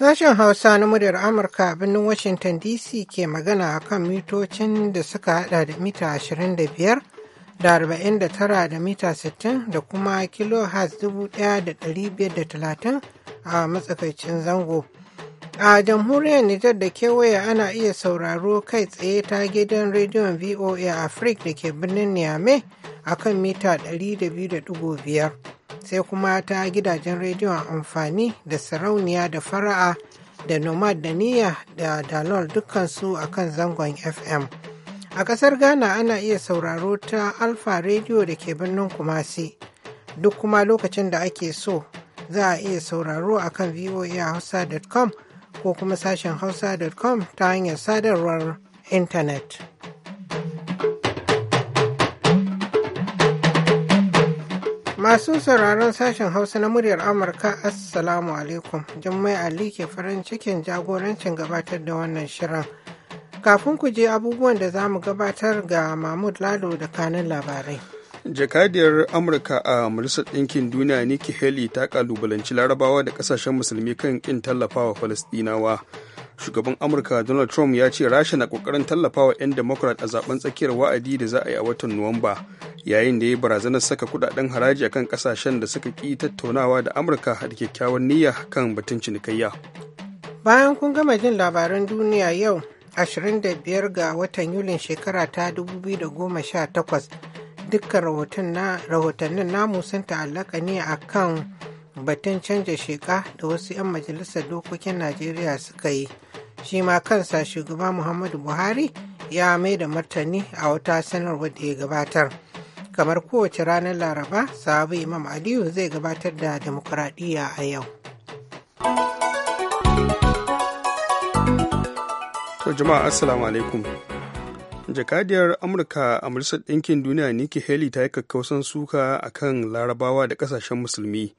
Sashen Hausa na muryar Amurka a birnin Washington DC ke magana a kan mitocin da suka hada da mita 25 da 49 da mita 60 da kuma kilohertz 1530 a matsakaicin zango. A jamhuriyar Nijar da kewaye ana iya sauraro kai tsaye ta gidan rediyon VOA Africa da ke birnin Niamey a kan mita 200.5 sai kuma ta gidajen rediyon amfani da sarauniya da fara'a da nomad da niyya da dalol dukkansu a kan zangon FM. A ƙasar Ghana ana iya sauraro ta Alfa rediyo da ke birnin Kumasi duk kuma lokacin da ake so za a iya sauraro a kan voahausa.com ko kuma sashen hausa.com ta hanyar sadarwar intanet. Masu sauraron sashen Hausa na muryar Amurka Assalamu alaikum. Jummai Ali ke farin cikin jagorancin gabatar da wannan shirin. Kafin ku je abubuwan da za mu gabatar ga Mahmud Lado da kanin labarai. jakadiyar amurka a majalisar ɗinkin duniya nikki haley ta kalubalanci larabawa da ƙasashen musulmi kan ƙin tallafawa falastinawa shugaban amurka donald trump ya ce rasha na ƙoƙarin tallafawa 'yan democrat a zaben tsakiyar wa'adi da za a yi a watan nuwamba yayin da ya barazanar saka kudaden haraji akan ƙasashen da suka ƙi tattaunawa da amurka da kyakkyawan niyya kan batun cinikayya bayan kun gama jin labaran duniya yau 25 ga watan yulin shekara ta 2018 dukkan rahotannin namu sun ta'allaka ne a kan batun canja sheka da wasu 'yan majalisar dokokin najeriya suka yi shi ma kansa shugaba muhammadu buhari ya mai da martani a wata sanarwa da ya gabatar kamar kowace ranar laraba sabu imam aliyu zai gabatar da demokuraɗiyya a yau jama'a assalamu alaikum jakadiyar amurka a majalisar ɗinkin duniya nikki haley ta yi kakkausan suka a kan larabawa da ƙasashen musulmi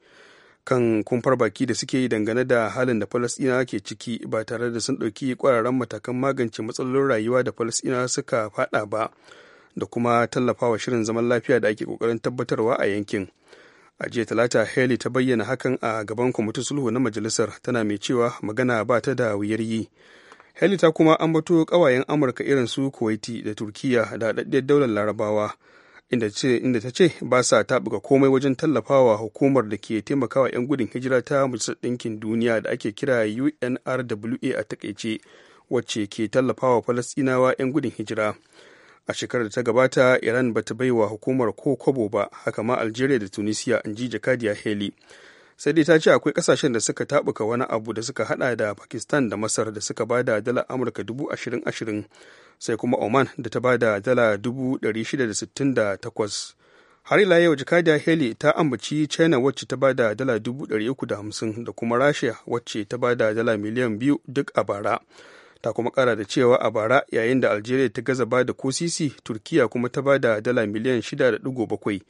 kan kumfar baki da suke yi dangane da halin da falasɗinawa ke ciki ba tare da sun ɗauki ƙwararren matakan magance matsalolin rayuwa da falasɗinawa suka faɗa ba da kuma tallafawa shirin zaman lafiya da ake ƙoƙarin tabbatarwa a yankin a jiya talata haley ta bayyana hakan a gaban kwamitin sulhu na majalisar tana mai cewa magana ba ta da wuyar yi heli ta kuma ambato ƙawayen Amurka irin su Kuwaiti da Turkiya da haɗaɗɗiyar daular Larabawa inda ta ce ba sa taɓuka komai wajen tallafawa hukumar da ke taimakawa 'yan gudun hijira ta Majalisar Ɗinkin Duniya da ake kira UNRWA a takaice wacce ke tallafawa Falasɗinawa 'yan gudun hijira. A shekarar da ta gabata Iran ba ta baiwa hukumar ko kwabo ba haka ma Algeria da Tunisia in ji jakadiya heli sai dai ta ce akwai kasashen da suka tabuka wani abu da suka hada da pakistan da masar da suka ba da dala amurka dubu ashirin ashirin sai kuma oman da ta ba da dala dubu dari shida da sittin da takwas har ila yau jakadiya heli ta ambaci china wacce ta ba da dala dubu dari uku da hamsin da kuma rasha wacce ta ba da dala miliyan biyu duk a bara ta kuma kara da cewa a bara yayin da algeria ta gaza ba da kosisi turkiya kuma ta ba da dala miliyan shida da bakwai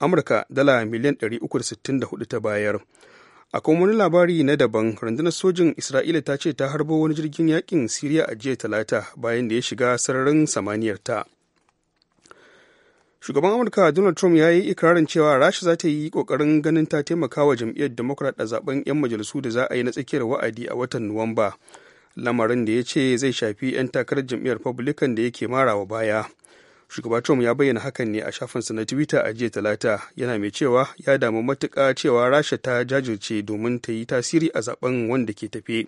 amurka dala miliyan 364 ta bayar a kuma wani labari na daban rundunar sojin isra'ila ta ce ta harbo wani jirgin yakin siriya a jiya talata bayan da ya shiga sararin samaniyar ta shugaban amurka donald trump ya yi ikirarin cewa rasha za ta yi kokarin ganin ta taimaka wa jam'iyyar democrat a zaben 'yan majalisu da za a yi na tsakiyar wa'adi a watan nuwamba lamarin da ya ce zai shafi 'yan takarar jam'iyyar republican da yake marawa baya shugaba trump ya bayyana hakan ne a shafinsa na twitter a jiya talata yana mai cewa ya damu matuka cewa rasha ta jajirce domin ta yi tasiri a zaben wanda ke tafe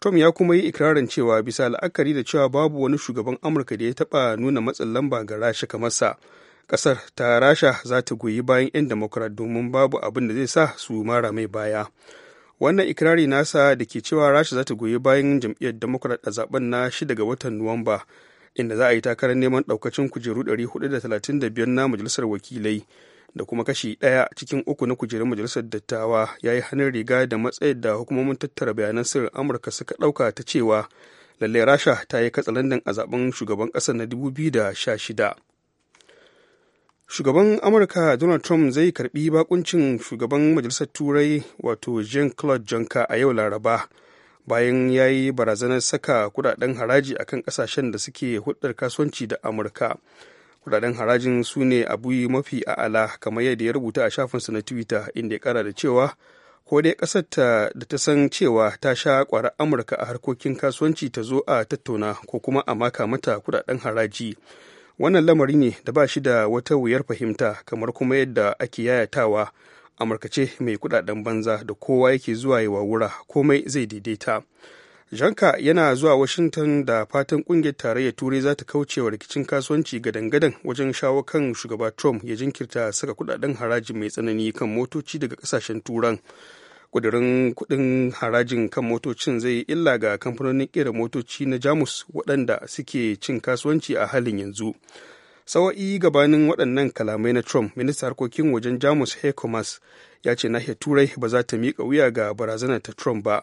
trump ya kuma yi ikirarin cewa bisa la'akari da cewa babu wani shugaban amurka da ya taɓa nuna matsin lamba ga rasha kamar sa ƙasar ta rasha za ta goyi bayan 'yan democrat domin babu abin da zai sa su mara mai baya wannan ikirari nasa da ke cewa rasha za ta goyi bayan jam'iyyar democrat a zaben na 6 ga watan nuwamba inda za a yi takarar neman ɗaukacin kujeru 435 na majalisar wakilai da kuma kashi ɗaya cikin uku na kujerun majalisar dattawa ya yi hannun riga da matsayin da hukumomin tattara bayanan sirrin amurka suka ɗauka ta cewa lallai rasha ta yi katsalandan a zaben shugaban ƙasa na 2016 shugaban amurka donald trump zai karbi bakuncin shugaban majalisar turai wato jean claude juncker a yau laraba bayan ya yi barazanar saka kudaden haraji a kan kasashen da suke hudar kasuwanci da amurka kudaden harajin su ne abuyi mafi a'ala kamar yadda ya rubuta a shafinsa na twitter inda ya kara da cewa ko dai kasar da ta san cewa ta sha kwarar amurka a harkokin kasuwanci ta zo a tattauna ko kuma a maka mata kudaden haraji wannan lamari ne da ba shi da wata wuyar fahimta kamar kuma yadda ake yayatawa amurka ce mai kudaden banza da kowa yake zuwa yi wa wura komai zai daidaita janka yana zuwa washington da fatan kungiyar tarayyar turai za ta kaucewa rikicin kasuwanci gadan-gadan wajen shawo kan shugaba trump ya jinkirta saka kudaden haraji mai tsanani kan motoci daga kasashen turan kudirin kudin harajin kan motocin zai illa ga kamfanonin kera motoci na jamus waɗanda suke cin kasuwanci a halin yanzu sawa'i gabanin waɗannan kalamai na trump minista harkokin wajen jamus hekomas ya ce nahiyar turai ba za ta miƙa wuya ga barazanar ta trump ba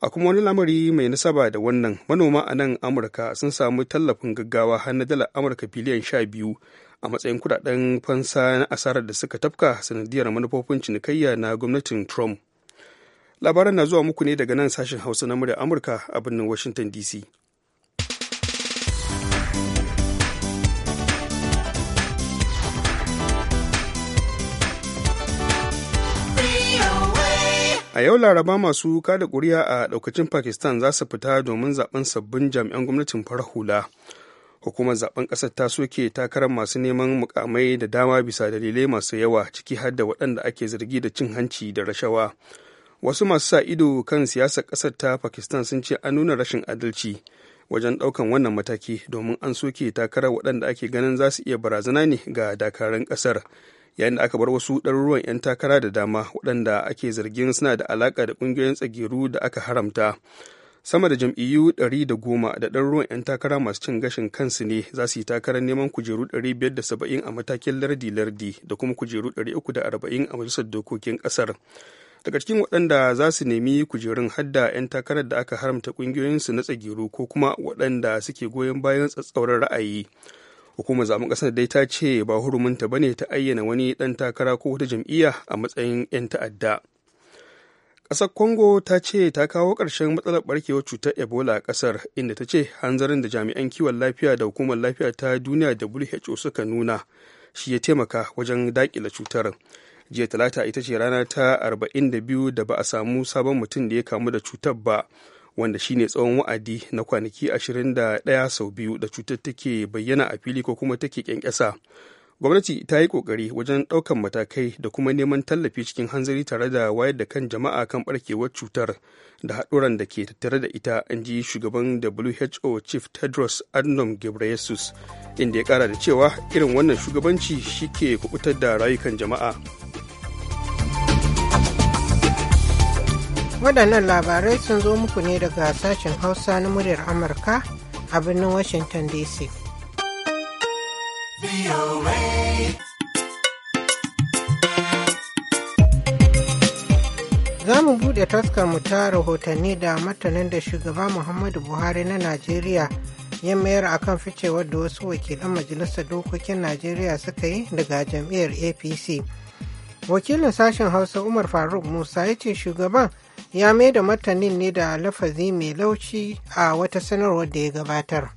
a kuma wani lamari mai nasaba da wannan manoma a nan amurka sun samu tallafin gaggawa har na dalar amurka biliyan sha biyu a matsayin kudaden fansa na asarar da suka tafka sanadiyar manufofin cinikayya na gwamnatin trump labaran na zuwa muku ne daga nan sashen hausa na murya amurka a birnin washington dc a yau laraba masu kada kuri'a a daukacin pakistan za su fita domin zaben sabbin jami'an gwamnatin farar hula hukumar zaben kasar ta soke takarar masu neman mukamai da dama bisa dalilai masu yawa ciki har da waɗanda ake zargi da cin hanci da rashawa wasu masu sa ido kan siyasar kasar ta pakistan sun ce an nuna rashin adalci wajen ɗaukan wannan mataki domin an soke takarar waɗanda ake ganin za su iya barazana ne ga dakarun ƙasar yayin da aka bar wasu ɗaruruwan 'yan takara da dama waɗanda ake zargin suna da alaƙa da ƙungiyoyin tsagiru da aka haramta sama da jam'iyyu 110 da ɗaruruwan 'yan takara masu cin gashin kansu ne za su yi takarar neman kujeru 570 a matakin lardi-lardi da kuma kujeru 340 a majalisar dokokin ƙasar daga cikin waɗanda za su nemi kujerun hadda 'yan takarar da aka haramta ƙungiyoyinsu na tsagiru ko kuma waɗanda suke goyon bayan tsatsauran ra'ayi hukumar zaben kasar dai ta ce ba hurumunta bane ta ayyana wani dan takara ko wata jam'iyya a matsayin 'yan ta'adda ƙasar congo ta ce ta kawo ƙarshen matsalar barkewar cutar ebola a ƙasar inda ta ce hanzarin da jami'an kiwon lafiya da hukumar lafiya ta duniya who suka nuna shi ya taimaka wajen daƙila cutar jiya talata ita ce rana ta 42 da ba a samu sabon mutum da ya kamu da cutar ba wanda shine tsawon wa'adi na kwanaki 21 sau biyu da cutar take bayyana a fili ko kuma take kyankyasa gwamnati ta yi kokari wajen ɗaukan matakai da kuma neman tallafi cikin hanzari tare da wayar da kan jama'a kan barkewar cutar da haɗuran da ke tattare da ita in ji shugaban who chief tedros adnom ghebreyesus inda ya ƙara da cewa irin wannan shugabanci shi ke da rayukan jama'a waɗannan labarai sun zo muku ne daga sashen hausa na muryar amurka a birnin washington dc za mu buɗe taskar mu ta rahotanni da martanin da shugaba muhammadu buhari na najeriya ya mayar a kan ficewar da wasu wakilan majalisar dokokin najeriya suka yi daga jam'iyyar apc wakilin sashen hausa umar faruk musa ya ce shugaban ya mai da martanin ne da lafazi mai lauci a wata sanarwar da ya gabatar.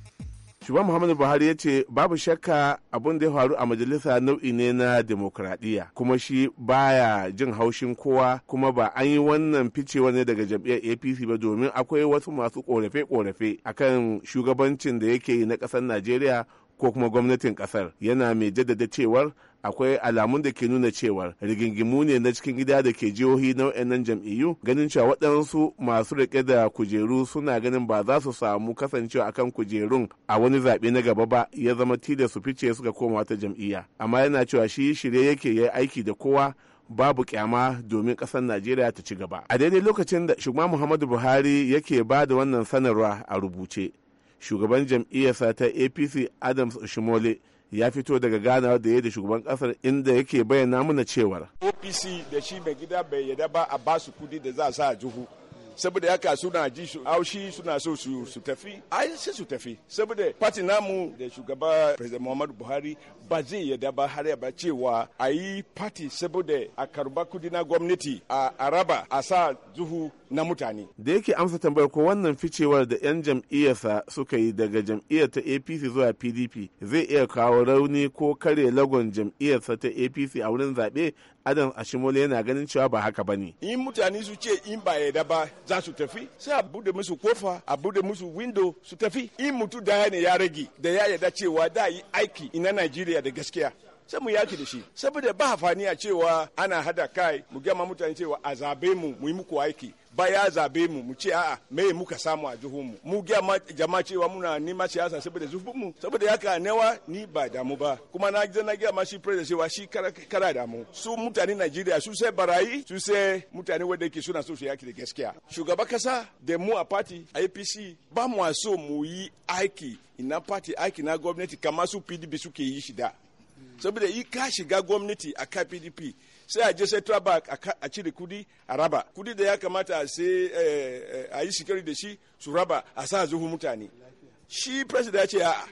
Shugaban Muhammadu Buhari ya ce babu shakka abin da ya faru a majalisa nau'i ne na demokradiyya kuma shi baya jin haushin kowa kuma ba an yi wannan ficewa ne daga jam'iyyar APC ba domin akwai wasu masu korafe-korafe akan shugabancin da yake yi na ƙasar Najeriya ko kuma gwamnatin kasar yana mai jaddada cewar akwai alamun da ke nuna cewar rigingimu ne na cikin gida da ke jihohi nau'in jam'iyyu ganin cewa waɗansu masu riƙe da kujeru suna ganin ba za su samu kasancewa akan kujerun a wani zaɓe na gaba ba ya zama tilas su fice suka koma wata jam'iyya amma yana cewa shi shirye yake yi aiki da kowa babu kyama domin ƙasar najeriya ta ci gaba a daidai lokacin da shugaba muhammadu buhari yake ba da wannan sanarwa a rubuce shugaban jam'iyyarsa ta apc adams shimole ya fito daga ganawa da ya da shugaban kasar inda yake bayyana mana cewar apc da shi mai gida bai yada ba a basu kudi da za a sa a juhu saboda yaka suna ji su aushi suna so su su tafi ai sai su tafi saboda party namu da shugaba president Muhammadu Buhari ba zai yarda ba har ya ba cewa a yi party saboda a karba kudi na gwamnati a araba a sa zuhu na mutane da yake amsa tambayar ko wannan ficewar da yan jam'iyyarsa suka yi daga jam'iyyar ta APC zuwa PDP zai iya kawo rauni ko kare lagon jam'iyyarsa ta APC a wurin zaɓe adam ashimole yana ganin cewa ba haka bane in mutane su ce in ba yarda ba za su tafi sai a bude musu kofa a bude musu window su tafi in mutu da ne ya rage da ya yada cewa da yi aiki ina najeriya da gaskiya sai mu yaki da shi saboda ba hafani a cewa ana hada kai mu gama mutane cewa a zabe mu mu yi muku aiki ba ya zabe mu mu ce a'a me muka samu a jihun mu mu ga jama'a cewa muna nima siyasa saboda zufin mu saboda haka newa ni ba damu ba kuma na ga na ga ma shi president cewa shi kara damu su mutane Najeriya su sai barayi su sai mutane wanda yake suna so su yaki da gaskiya shugaba kasa da mu a party APC ba mu so mu yi aiki ina party aiki na gwamnati kamar su PDP suke yi shida saboda yi ka shiga gwamnati a PDP sai a je central bank a cire kudi a raba kudi da ya kamata eh, eh, a yi sikari da shi su raba a sa zuhu mutane shi president ya ce a'a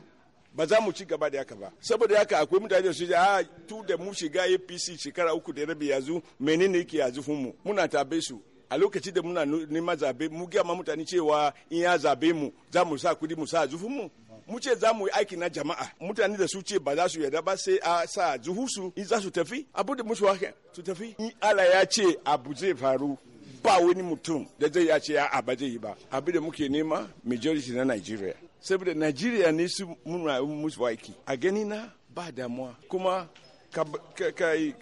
ba za mu ci gaba da haka ba saboda haka akwai mutane da su ji a tu da mu shiga apc shekara uku da rabi yanzu menene yake yanzu mu muna tabe su a lokaci da muna neman zabe mu gaya ma mutane cewa in ya zabe mu za mu sa kudi mu sa zufin mu mu ce za mu yi aiki na jama'a mutane da su ce ba za su yarda ba sai a sa zuhusu in za su tafi abu da musu haka su tafi in ala ya ce abu zai faru ba wani mutum da zai ya ce a ba zai yi ba abu da muke nema majority na Nigeria saboda Nigeria ne su muna musu aiki a gani na ba damuwa kuma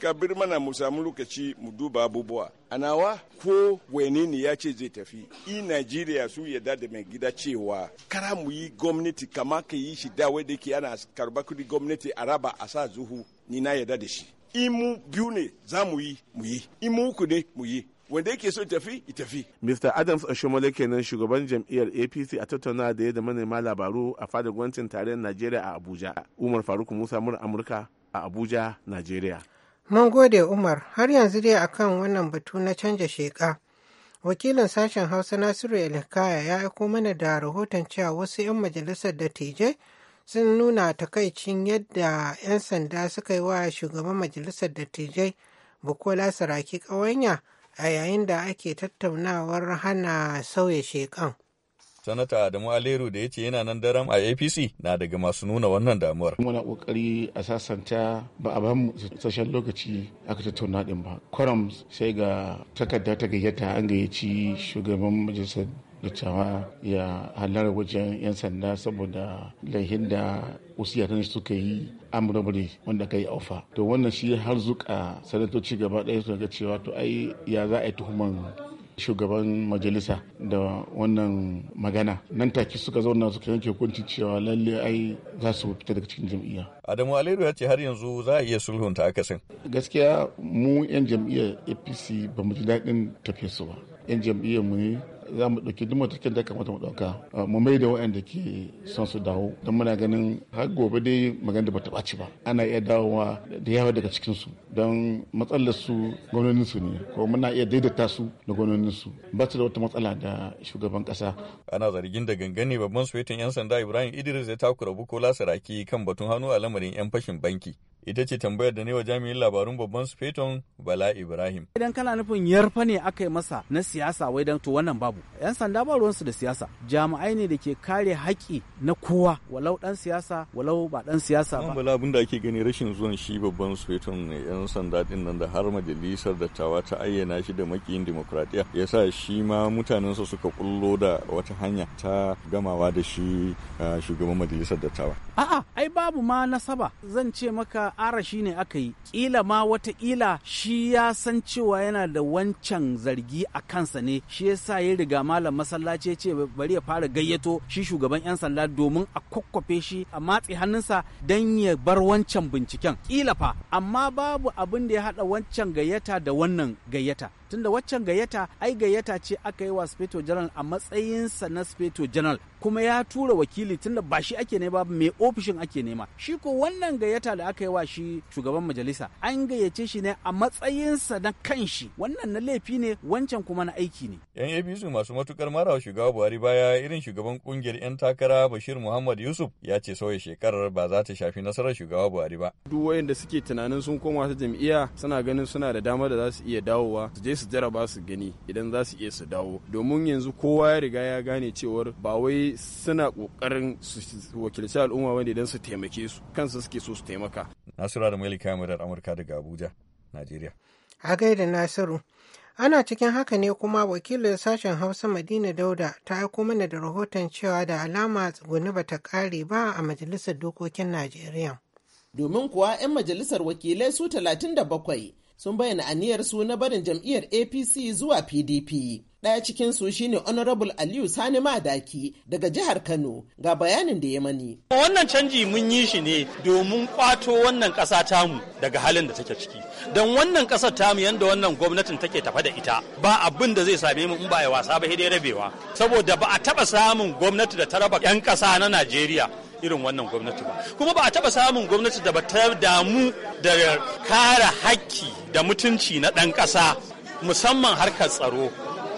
ka bir mana mu samu lokaci mu duba abubuwa a nawa ko wani ne ya ce zai tafi i nigeria su yadda da mai gida cewa kara mu yi gwamnati kama ka yi shi dawai da ke ana karba kudi gwamnati a raba a sa zuhu ni na yadda da shi imu biyu ne za mu yi mu yi imu uku ne mu yi wanda yake so tafi tafi. Mr. Adams Oshomole kenan shugaban jam'iyyar APC a tattauna da ya da manema labaru a fadar gwamnatin tarayyar Najeriya a Abuja. Umar Faruk Musa mura Amurka a Abuja, Najeriya. Mun gode Umar, har yanzu dai akan wannan batu na canja sheƙa. Wakilin sashen Hausa Nasiru Elikaya ya aiko mana da rahoton cewa wasu 'yan majalisar dattijai sun nuna takaicin yadda 'yan sanda suka yi wa shugaban majalisar dattijai Bukola Saraki ƙawanya a yayin da ake tattaunawar hana sauya sheƙan. Sanata Adamu Aleru da ya ce yana nan daren a APC na daga masu nuna wannan damuwar. Muna kokari a sasanta ba a ba mu sashen lokaci aka tattauna din ba. Kwaram sai ga takarda ta gayyata an gayyaci shugaban majalisar dattawa ya halar wajen 'yan sanda saboda laihin da wasu yaran suka yi amurabare wanda ka yi aufa to wannan shi har zuka sanatoci gaba ɗaya suka ga cewa to ai ya za a yi tuhuman shugaban majalisa da wannan magana nan take suka zauna suka yanke hukunci cewa lalle ai za su fita daga cikin jam'iyya adamu aliru ya ce har yanzu za a iya sulhunta akasin gaskiya mu yan jam'iyyar apc ba mu ji daɗin tafiya su ba yan jam'iyyar mu ne za mu ɗauki duk matakin da kamata mu ɗauka ah, mu mai da waɗanda ke son su dawo don muna ganin har gobe dai magana da bata ɓaci ba ana iya dawowa da yawa daga cikin su don matsalar su gwamnonin su ne ko muna iya daidaita su da gwamnonin su ba su da wata matsala da shugaban ƙasa. ana zargin da gangane babban sufetin 'yan sanda ibrahim idris ya takura bukola saraki kan batun hannu a lamarin 'yan fashin banki Ita ce tambayar da ne wa jami'in labarun babban sufeton Bala Ibrahim. Idan kana nufin yarfa ne aka yi masa na siyasa wai dan to wannan babu. 'Yan sanda ba ruwansu da siyasa. Jami'ai ne da ke kare haƙƙi na kowa walau dan siyasa walau ba dan siyasa ba. Bala abin da ake gani rashin zuwan shi babban sufeton 'yan sanda din nan da har majalisar dattawa ta ayyana shi da makiyin demokradiya yasa shi ma mutanen sa suka kullo da wata hanya ta gamawa da shi ah, shugaban majalisar dattawa. A'a ai babu ma nasaba zan ce maka cewa shi ne aka yi ƙila ma wataƙila shi ya san cewa yana da wancan zargi a kansa ne shi ya sa ya riga malam masallaci ya ce bari ya fara gayyato shi shugaban 'yan sanda domin a kwakwafe shi a matse hannunsa don ya bar wancan binciken ƙila fa amma babu abin da ya haɗa wancan gayyata da wannan gayyata tunda waccan gayyata ai gayyata ce aka yi wa speto general a matsayinsa na speto general kuma ya tura wakili tunda ba shi ake nema mai ofishin ake nema shi ko wannan gayyata da aka yi wa shi shugaban majalisa an gayyace shi ne a matsayinsa na kanshi wannan na laifi ne wancan kuma na aiki ne yan abc masu matukar mara shugaba buhari baya irin shugaban kungiyar yan takara bashir muhammad yusuf ya ce sauya shekarar ba za ta shafi nasarar shugaba buhari ba duk wayanda suke tunanin sun koma ta jam'iyya suna ganin suna da dama da za su iya dawowa su su jaraba su gani idan za su iya su dawo domin yanzu kowa ya riga ya gane cewar ba wai suna kokarin su wakilci al'umma wanda idan su taimake su kansu suke so su taimaka nasiru da malika amurka daga abuja najeriya a gaida nasiru ana cikin haka ne kuma wakilin sashen hausa madina dauda ta aiko mana da rahoton cewa da alama tsuguni ba ta kare ba a majalisar dokokin najeriya domin kuwa 'yan majalisar wakilai su 37 sun bayyana aniyarsu na barin jam'iyyar apc zuwa pdp ɗaya cikinsu shine honorable aliyu sani madaki daga jihar kano ga bayanin da ya mani wannan canji mun yi shi ne domin kwato wannan ƙasa tamu daga halin da take ciki don wannan ƙasar tamu yadda wannan gwamnatin take tafa da ita ba abin da zai same mu in ba ya wasa ba dai rabewa saboda ba a taɓa samun gwamnati da ta raba 'yan ƙasa na najeriya irin wannan gwamnati ba kuma ba a taba samun gwamnati da ba ta damu da kare haƙƙi da mutunci na ɗan ƙasa musamman harkar tsaro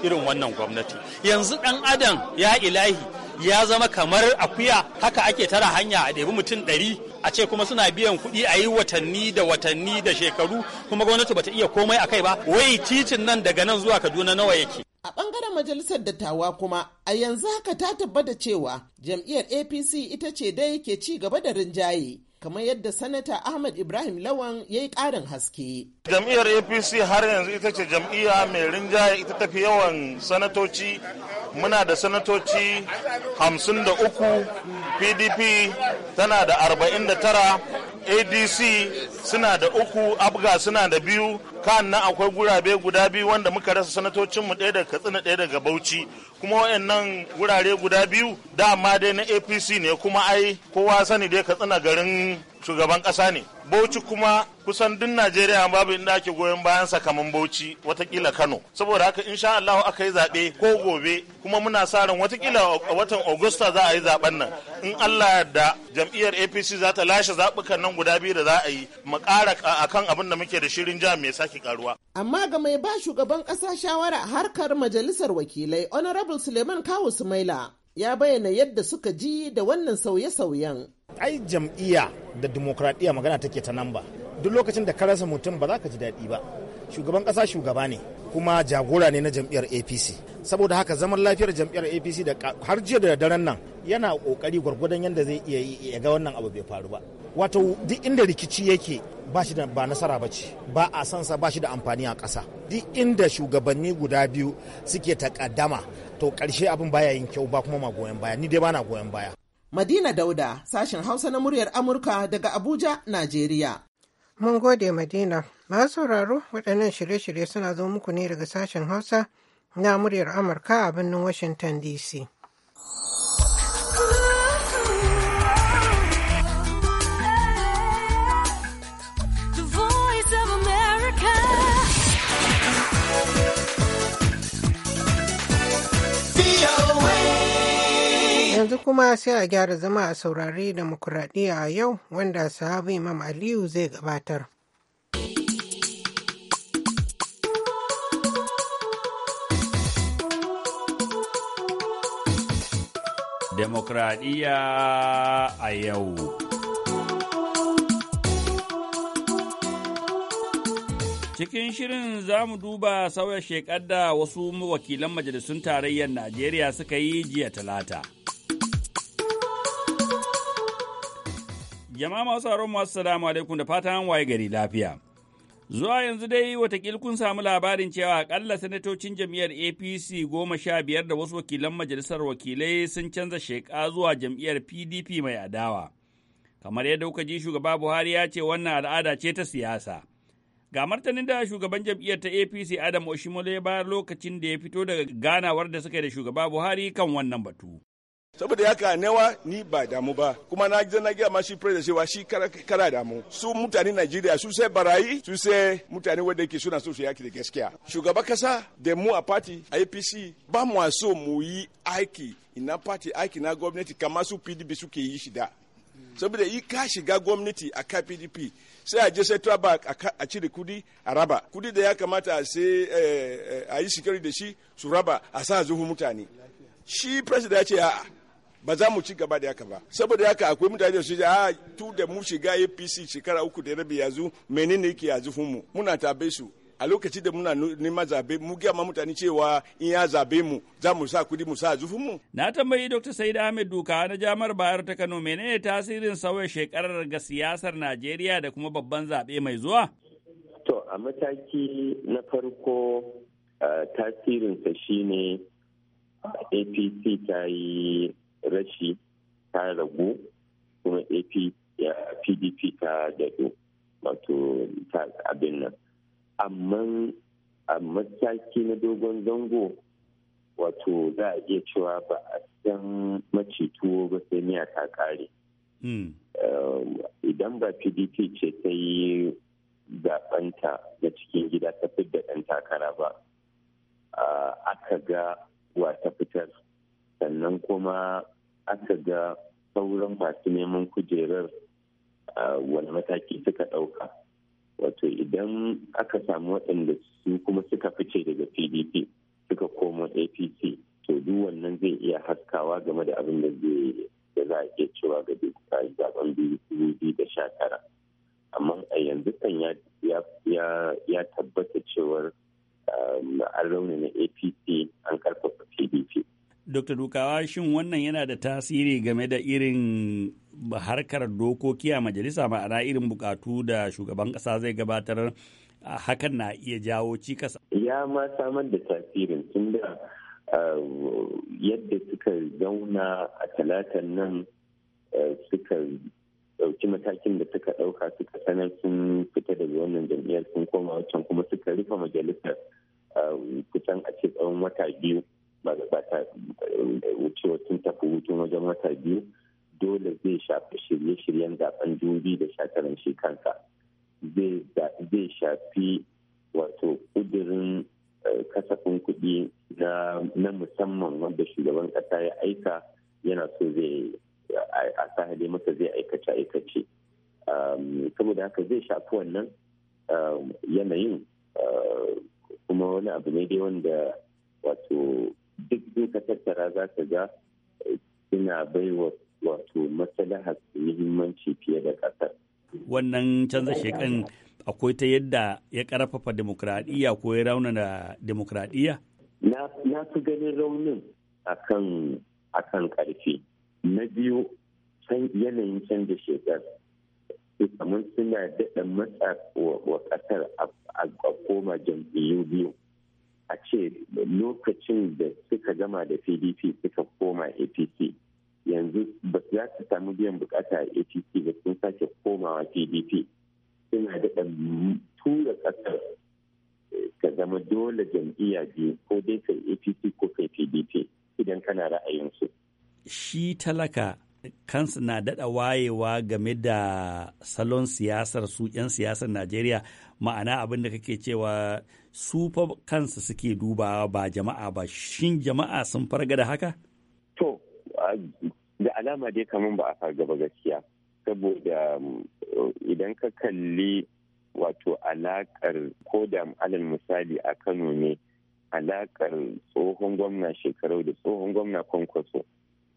irin wannan gwamnati yanzu ɗan adam ya ilahi ya zama kamar akuya haka ake tara hanya a ɗebi mutum ɗari a ce kuma suna biyan kuɗi a yi watanni da watanni da shekaru kuma gwamnati bata iya komai a kai ba wai titin nan daga nan zuwa kaduna nawa yake A ɓangaren majalisar dattawa kuma a yanzu haka ta tabbata cewa jam'iyyar APC ita ce dai ke ci gaba da rinjaye. kamar yadda sanata ahmad ibrahim lawan ya yi karin haske jam'iyyar apc har yanzu ita ce jam'iyya mai rinjaye ita tafi yawan sanatoci muna da sanatoci 53 pdp tana da 49 adc suna da uku abga suna da biyu kan nan akwai gurabe guda biyu wanda muka rasa sanatocinmu ɗaya daga katsina ɗaya daga bauchi kuma wayannan gurare guda biyu dama dai na apc ne kuma ai kowa sani dai katsina garin shugaban ƙasa ne bauchi kuma kusan duk najeriya babu inda ake goyon bayan kamar bauchi watakila kano saboda haka insha allah aka yi zaɓe ko gobe kuma muna sa ran a watan augusta za a yi zaɓen nan in allah yarda jam'iyyar apc za ta lashe zaɓukan nan guda biyu da za a yi mu ƙara akan abin da muke da shirin jihar mai sake karuwa amma ga mai ba shugaban ƙasa shawara harkar majalisar wakilai honorable suleiman kawu sumaila ya bayyana yadda suka ji da wannan sauye-sauyen. Ai jam'iyya da demokradiyya magana take ta nan ba. Duk lokacin da ka rasa mutum ba za ka ji daɗi ba. Shugaban ƙasa shugaba ne kuma jagora ne na jam'iyyar APC. Saboda haka zaman lafiyar jam'iyyar APC da har jiya da daren nan yana ƙoƙari gwargwadon yadda zai iya yi ga wannan abu bai faru ba. wato duk inda rikici yake ba shi da ba nasara ba ce ba a sansa ba shi da amfani a ƙasa duk inda shugabanni guda biyu suke takaddama to ƙarshe abin baya yin kyau ba kuma ma goyon baya ni dai ba na goyon baya Madina Dauda sashen Hausa na muryar Amurka daga Abuja Najeriya Mun gode Madina masu sauraro waɗannan shirye-shirye suna zo muku ne daga sashen Hausa na muryar Amurka a birnin Washington DC kuma sai a gyara zama a saurari demokuraɗiyya a yau wanda sahabu Imam Aliyu zai gabatar. Demokradiyya a yau. Cikin shirin za mu duba sauya shekar da wasu wakilan majalisun tarayyar Najeriya suka yi jiya talata. Jama'a masu aron masu salamu alaikum da fatan waye gari lafiya. Zuwa yanzu dai watakil kun samu labarin cewa akalla sanatocin jam'iyyar APC goma sha biyar da wasu wakilan majalisar wakilai sun canza sheka zuwa jam'iyyar PDP mai adawa. Kamar yadda kuka ji shugaba Buhari ya ce wannan al'ada ce ta siyasa. Ga martanin da shugaban jam'iyyar ta APC Adam Oshimole bayar lokacin da ya fito daga ganawar da suka yi da shugaba Buhari kan wannan batu. saboda yaka newa ni ba damu ba kuma na je na gaya ma shi president cewa shi kara damu su mutane nigeria su sai barayi su sai mutane wadda ke suna so su yaki da gaskiya shugaba kasa da mu a party ipc ba mu so mu yi aiki ina party aiki na gwamnati kama su PDP suke yi shida saboda yi ka shiga gwamnati a ka PDP sai a je central bank a cire kudi a raba kudi da ya kamata eh, eh, a yi da shi su raba a sa zuhu mutane shi president ya ce a'a ba za mu ci gaba da haka ba saboda haka akwai mutane da su a ah, tu da mu shiga APC shekara uku da rabi yanzu menene yake yanzu mu muna tabe su a lokaci da muna neman zabe mu gaya ma mutane cewa in ya zabe mu za mu sa kudi mu sa zufin mu. Na tambayi Dr. Said Ahmed Duka na Jamar Bayar ta Kano menene tasirin sauya shekarar ga siyasar Najeriya da kuma babban zabe mai zuwa? To a mataki na farko eh, tasirinsa shine APC ta yi rashi ta ragu kuma pdp ta daɗo wato ta abin nan amma a mataki na dogon zango wato za a iya cewa ba a san macetuwo ba sai miya ta kare hmm. um, idan ba pdp ce ta yi zaɓenta na cikin gida ta fidda ɗan takara ba aka ga wa ta fitar sannan kuma aka ga sauran masu neman kujerar wani mataki suka ɗauka wato idan aka samu waɗanda su kuma suka fice daga pdp suka komo apc to duk wannan zai iya haskawa game da abin da zai da za a iya cewa ga zaben biyu da sha tara amma a yanzu kan ya tabbata cewar an na apc an karfafa pdp Dr. Dukawa shin wannan yana da tasiri game da irin harkar dokoki a majalisa ma'ana irin bukatu da shugaban kasa zai gabatar hakan na iya jawo cikas. Ya ma samar da tasirin tun da yadda suka zauna a talatan nan suka ɗauki matakin da suka ɗauka suka sanar sun fita daga wannan jam'iyyar sun koma wancan kuma suka rufe majalisar kusan a ce tsawon wata biyu ba wucewa tun tafi hutun wajen wata biyu dole zai shafi shirye-shiryen zaben dubi da shataran shi kanka zai shafi wato kudirin eh, kasafin kuɗi na musamman wanda shugaban ƙasa ya aika yana so zai a sahade masa zai aikace-aikace um, saboda haka zai shafi wannan um, yanayin uh, kuma wani abu ne dai wanda wato duk zo ka tattara za ta ga eh, suna baiwa wato maslahar muhimmanci fiye da ƙasar. Wannan canza shekan akwai ta yadda ya ƙarfafa demokradiyya ko ya raunana demokradiyya? Na fi ganin raunin akan akan ƙarfi. Na biyu yanayin canza shekar kamar suna daɗa matsa wa ƙasar a koma jam'iyyu biyu a ce lokacin da suka gama da pdp suka koma apc yanzu ba su za su samu biyan bukata a apc ba sun sake komawa pdp suna daɗa tura ƙasar ka eh, zama dole jam'iyya biyu ko dai kai apc ko kai pdp idan kana ra'ayinsu shi talaka kansu na daɗa wayewa game da salon siyasar su 'yan siyasar najeriya ma'ana abin da kake cewa su fa kansu suke dubawa ba jama'a ba shin jama'a sun farga da haka to da alama dai kamar ba a farga ba gaskiya saboda um, idan ka kalli wato alakar ko da alal misali a kano ne alakar tsohon gwamna shekarau da tsohon gwamna kwankwaso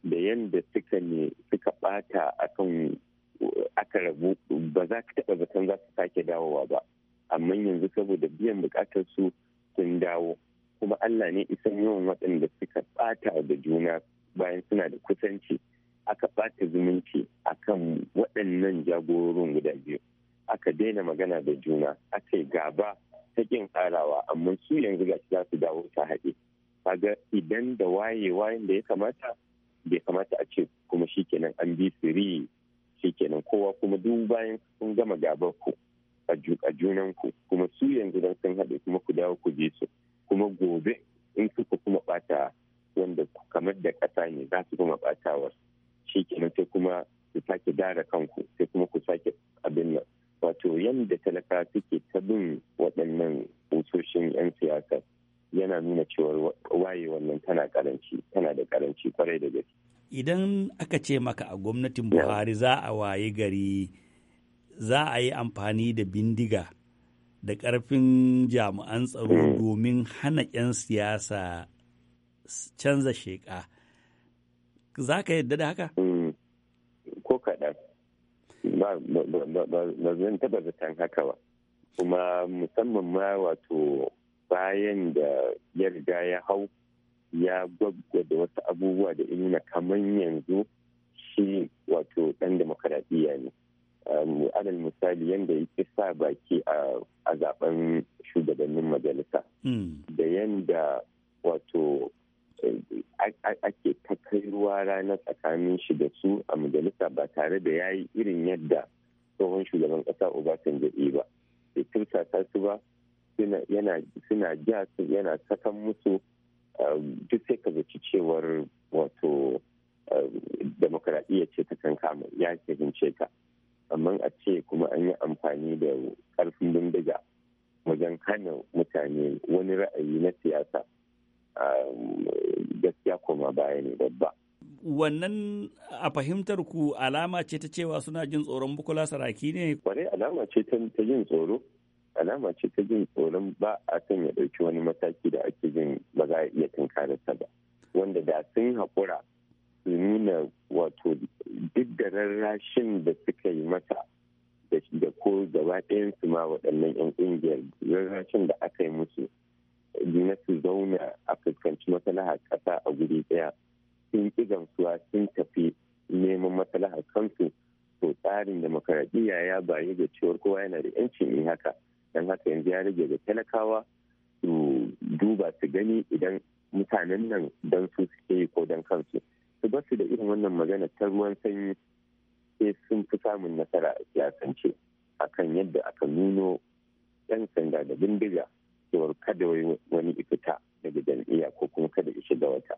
da yadda suka ne suka bata akan aka rabu ba za ka taɓa zaton za su sake dawowa ba amma yanzu saboda biyan bukatar su sun dawo kuma Allah ne isan yawan waɗanda suka bata da juna bayan suna da kusanci aka bata zumunci akan waɗannan jagororin guda biyu aka daina magana da juna aka yi gaba ta ƙin ƙarawa amma su yanzu ga su dawo ta haɗe kaga idan da wayewa da ya kamata bai kamata a ce kuma shikenan an bi siri shikenan kowa kuma duk bayan sun gama gabar ku a junan ku kuma su yanzu dan sun haɗe kuma ku dawo ku je su kuma gobe in suka kuma bata wanda kamar da ƙasa ne za su kuma batawar shikenan sai kuma ku sake dara kanku sai kuma ku sake abin nan wato yadda talaka suke ta bin waɗannan kusoshin 'yan siyasa yana nuna cewa waye wannan tana karanci tana da karanci kwarai da gaske idan aka ce maka a gwamnatin buhari za a waye gari za a yi amfani da bindiga da ƙarfin jami'an tsaro hmm. domin hana 'yan siyasa canza sheƙa za ka yadda da haka? Hmm. ko kaɗan ba zan taɓa zaton haka ba kuma musamman ma wato bayan da ya riga ya hau ya da wasu abubuwa da in nuna kamar yanzu shi wato ɗan demokaradiyya ne alal misali yadda ya sa baki a zaben shugabannin majalisa hmm. da yadda wato eh, ake ta kai ruwa rana tsakanin shi da su a majalisa ba tare da ya yi irin yadda tsohon shugaban ƙasa obasanjo ba bai tursasa su ba suna ja yana sakan musu um, duk sai ka zaci cewar wato um, demokradiyya ce ta kankama ya fahimce ta amma a ce kuma an yi amfani da karfin bindiga wajen hana mutane wani ra'ayi na siyasa um, gaskiya koma baya ne babba wannan a fahimtar ku alama ce ta cewa suna jin tsoron bukula saraki ne kwarai alama ce ta jin tsoro alama ce ta jin tsoron ba a kan ya ɗauki wani mataki da ake jin ba za a iya ta ba wanda da sun haƙura su nuna wato duk da rarrashin da suka yi mata da ko gaba ɗayan su ma waɗannan 'yan ƙungiyar rarrashin da aka yi musu eh, na su zauna a fuskanci maslaha ƙasa a guri ɗaya sun ƙi gamsuwa sun tafi neman maslaha kansu to tsarin makaradiyya ya bayi da cewar kowa yana da 'yancin yi haka don haka yanzu ya rage da talakawa su duba su gani idan mutanen nan don su suke yi ko don kansu su ba su da irin wannan magana ta ruwan sanyi sai sun fi samun nasara a siyasance akan yadda aka nuno yan sanda da bindiga cewar kada wani ifita daga jam'iyya ko kuma kada ya shiga wata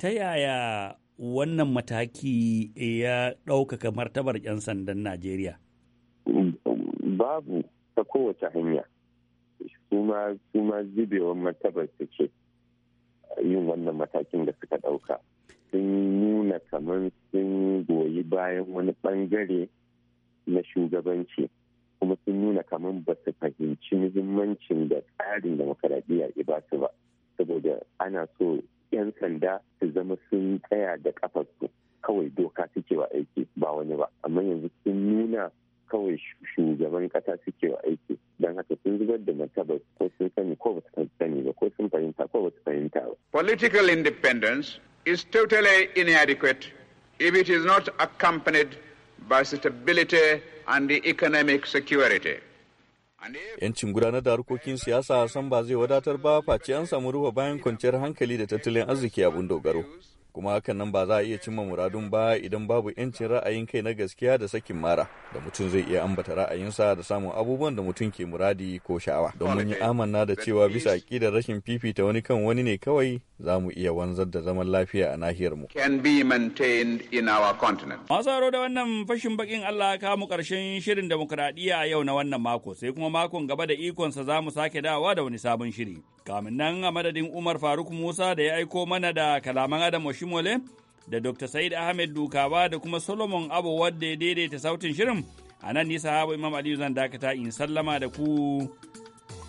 ta yaya wannan mataki ya ɗaukaka martabar 'yan sandan najeriya babu ta kowace hanya kuma kuma zubewar martabar ta ce yin wannan matakin da suka ɗauka sun nuna kamar sun goyi bayan wani bangare na shugabanci kuma sun nuna kamar ba su fahimci muhimmancin da tsarin demokaradiyya ya ba su ba saboda ana so 'yan sanda su zama sun tsaya da kafarsu kawai doka suke wa aiki ba wani ba amma yanzu sun nuna kawai shugaban kasa suke wa aiki don haka sun zubar da martaba ko sun sani ko ba su sani ba ko sun fahimta ko ba su fahimta ba. Political independence is totally inadequate if it is not accompanied by stability and the economic security. Yancin gudanar da harkokin siyasa san ba zai wadatar ba face an samu ruwa bayan kwanciyar hankali da tattalin arziki abun dogaro. kuma hakan nan ba za a iya cimma muradun ba idan babu yancin ra'ayin kai na gaskiya da sakin mara da mutum zai iya ambata ra'ayinsa da samun abubuwan da mutum ke muradi ko sha'awa don mun yi amanna da cewa bisa aƙidar rashin fifita wani kan wani ne kawai za mu iya wanzar da zaman lafiya a nahiyar mu can be maintained in our continent da wannan fashin bakin Allah ka mu karshen shirin demokradiyya yau na wannan mako sai kuma makon gaba da ikonsa za mu sake dawa da wani sabon shiri Kamin nan a madadin Umar Faruk Musa da ya aiko mana da kalaman Adam Oshimole da Dr. Said Ahmed Dukawa da kuma Solomon Abu wadda ya daidaita sautin shirin a nan nisa habu Imam Aliyu zan dakata in sallama da ku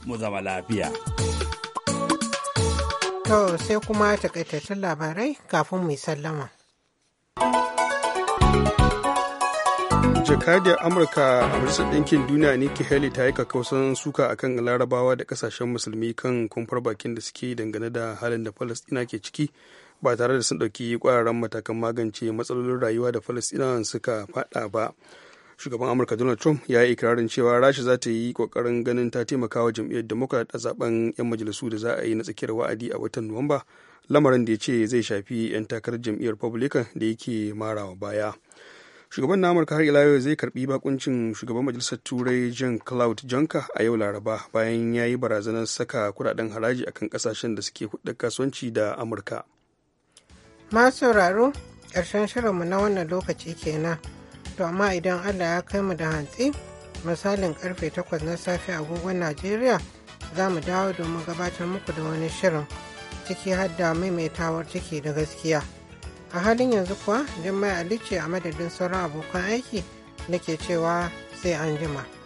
mu zama lafiya. To sai kuma takaitattun labarai kafin mu sallama. jakadiyar amurka a majalisar ɗinkin duniya nikki haley ta yi kakkausan suka akan larabawa da kasashen musulmi kan kumfar bakin da suke dangane da halin da falastina ke ciki ba tare da sun ɗauki ƙwararren matakan magance matsalolin rayuwa da falastina suka faɗa ba shugaban amurka donald trump ya yi ikirarin cewa rasha za ta yi ƙoƙarin ganin ta taimaka wa jam'iyyar democrat a zaben 'yan majalisu da za a yi na tsakiyar wa'adi a watan nuwamba lamarin da ya ce zai shafi 'yan takarar jam'iyyar republican da yake marawa baya shugaban na amurka har ila yau zai karbi bakuncin shugaban majalisar turai jean claude juncker a yau laraba bayan ya yi barazanar saka kudaden haraji akan kasashen da suke hudu kasuwanci da amurka masu sauraro karshen shirinmu na wannan lokaci kenan to amma idan allah ya kai mu da hantsi misalin karfe 8 na safe agogon najeriya za mu dawo domin gabatar muku da wani shirin ciki har da maimaitawar ciki da gaskiya. a halin yanzu kuwa jimai a madadin sauran abokan aiki nake cewa sai an jima.